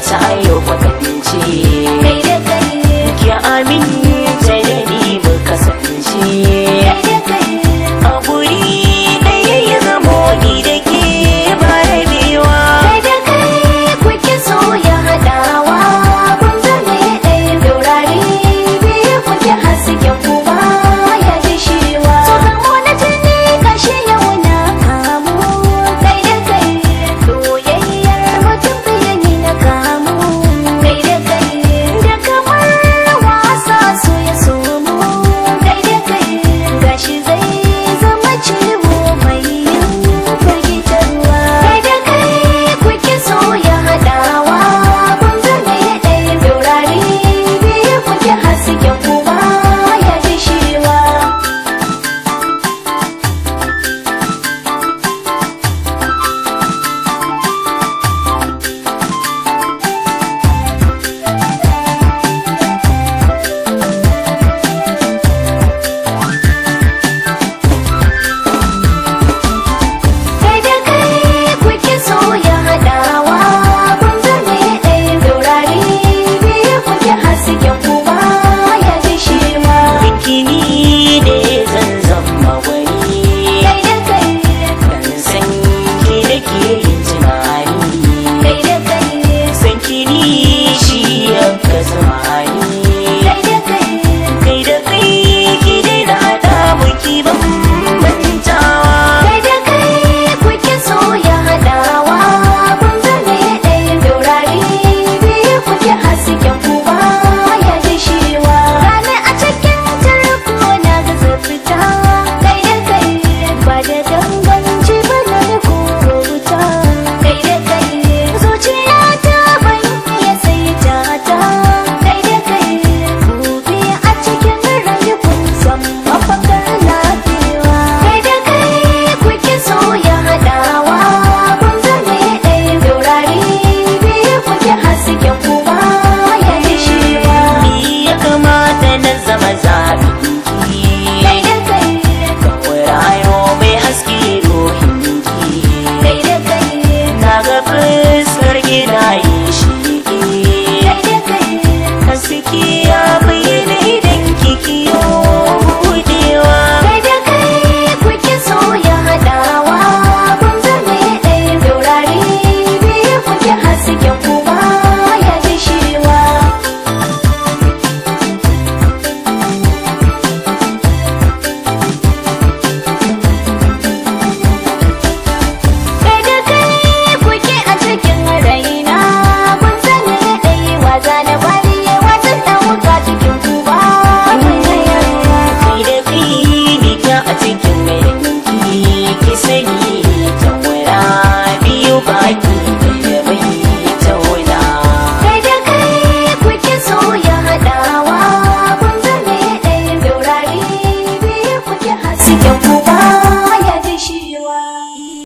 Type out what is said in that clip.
time.